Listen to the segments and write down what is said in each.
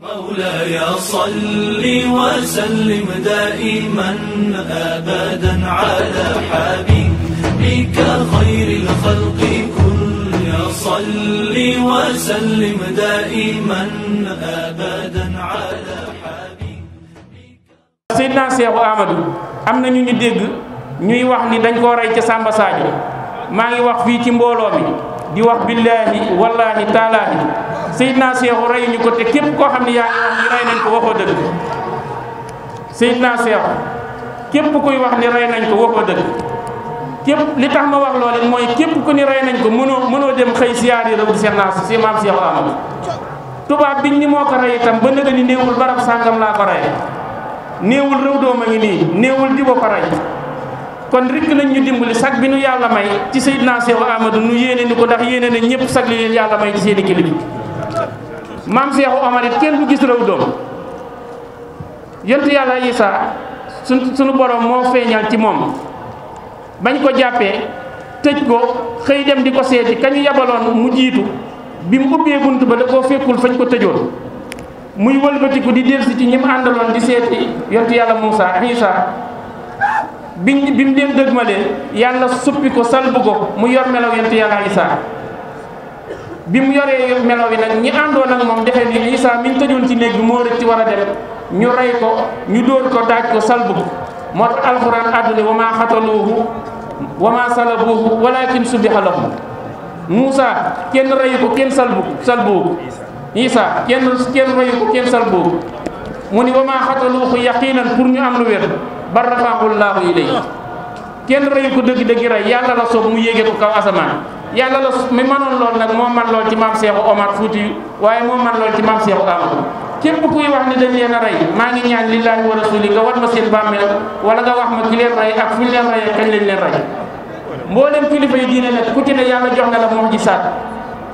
مولاي صل وسلم دائما ابدا على حبيبك خير الخلق كل صل وسلم دائما ابدا على حبيبك سيدنا شيخ احمد امنا ني ني دغ ني واخ ني دنج كو راي تي سامبا ساجي ماغي واخ في تي مبولو مي دي واخ بالله والله تعالى Seydina Seexu reyuñu ko te képp koo xam ne yaa ngi wax ni rey nañ ko waxoo dëgg Seydina Seexu képp kuy wax ni rey nañ ko waxoo dëgg képp li tax ma wax loolu mooy képp ku ni rey nañ ko mënoo mënoo dem xëy siyaari rëwul seen naas si maam Seexu Amadu tubaab biñ ni moo ko rey itam ba nëga ni néewul barab sàngam laa ko rey néewul rëw dooma ngi nii néewul di ba ko rey kon rikk nañ ñu dimbali sag bi nu yàlla may ci Seydina Seexu Amadu nu yéene ni ko ndax yéene ñëpp sag li leen yàlla maam Seexu Omar it kenn du gis raw doom yent yàlla Isaa suñ borom moo feeñal ci moom bañ ko jàppee tëj ko xëy dem di ko seeti kañu yabaloon mu jiitu bi mu bunt ba da koo fekkul fañ ko tëjoon muy wëlbatiku di delsi ci ñi di seeti yontu yàlla Muusa Isaa biñ bi mu leen dëgmalee yàlla suppi ko salbu mu yor melaw yontu yàlla bi mu yoree melo wi nag ñi àndoon ak moom defe ni Isa mi ñu tëjoon ci néeg bi moo rëcc war a dem ñu rey ko ñu dóor ko daaj ko salbu ko moo tax alxuraan àdduna wa maa xataluuhu wa maa salabuuhu walaakin subiha lahum Muusa kenn reyu ko kenn salbu salbu Isa kenn kenn reyu ko kenn salbu mu ni wa maa xataluuhu yaqinan pour ñu am lu wér bal rafaahu llaahu kenn reyu ko dëgg-dëgg rey yàlla la soob mu yéege ko kaw asamaan. yàlla la mi mënoon lool nag moo man lool ci maam Seexu Omar Fuuti waaye moo man lool ci maam Seexu Amadou képp kuy wax ni dañ leen a rey maa ngi ñaan lillaahi wa a nga wat ma seen bàmmeel wala nga ma ki leen rey ak fu ñu leen reyee kañ lañ leen rey mboolem kilifa yi diine nag ku ci yàlla jox na la ji saat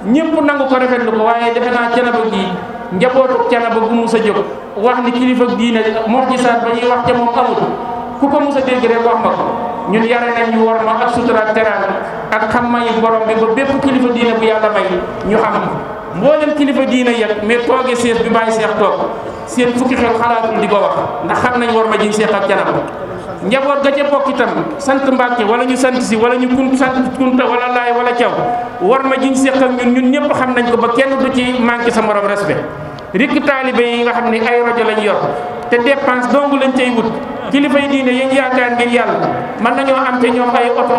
ñëpp nangu ko rafetlu ko waaye defe naa canaba gii njabootu canaba gu mus a jóg wax ni kilifa diine moom ji saat ba ñuy wax ca moom amul ku ko a dégg rek wax ma ñun yare nañ ñu war ma ak sutura ak teraanga ak xam mayu borom bi ba bépp kilifa diina bu yàlla may ñu xam mboolem kilifa diina yëpp mais tooge sees bi bàyyi seex toog seen fukki xel xalaatul di ko wax ndax xam nañ war ma jiñ seex ak janam njaboot ga ca bokk itam sant Mbàkke wala ñu sant si wala ñu kun sant kunta wala laay wala caw war ma jiñ seex ak ñun ñun ñëpp xam nañ ko ba kenn du ci manqué sa morom respect rikk taalibe yi nga xam ne ay rajo lañ yor te dépense dong lañ cay wut kilifa yi diine yi ñu yaakaar ngir yàlla mën nañoo am te ñoom ay oto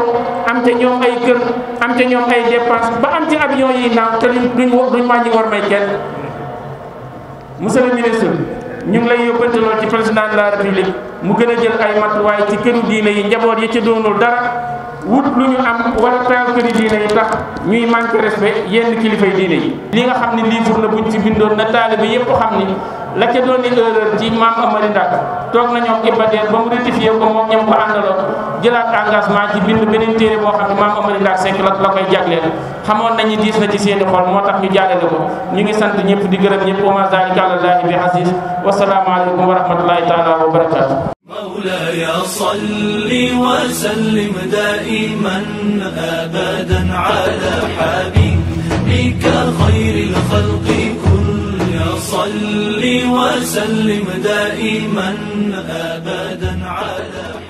am te ñoom ay kër am te ñoom ay dépense ba am ci avion yi naaw te duñ duñ wàññi war may kenn monsieur le ministre ñu ngi lay yóbbante lool ci président de la mu gën a jël ay matuwaay ci këru diine yi njaboot yi ci doonul dara wut lu ñu am wala taal këri diine yi tax ñuy manque respect yenn kilifay diine yi. li nga xam ne livre la buñ ci bindoon na taalibe yëpp xam ni la ca doon erreur ci maam amari ndak toog na ñoom ibadeer ba mu rectifié ko moom ñam ko àndaloon jëlaat engagement ci bind beneen téere boo xam ne amari ndak sekk la la koy jagleel xamoon nañu diis na ci seeni xol moo ñu jaarale ko ñu ngi sant ñëpp di gërëm ñëpp wama zalika bi wa rahmatullahi taala wa barakatuh مولاي صل وسلم دائما ابدا على حبيبك خير الخلق صل وسلم دائما أبدا على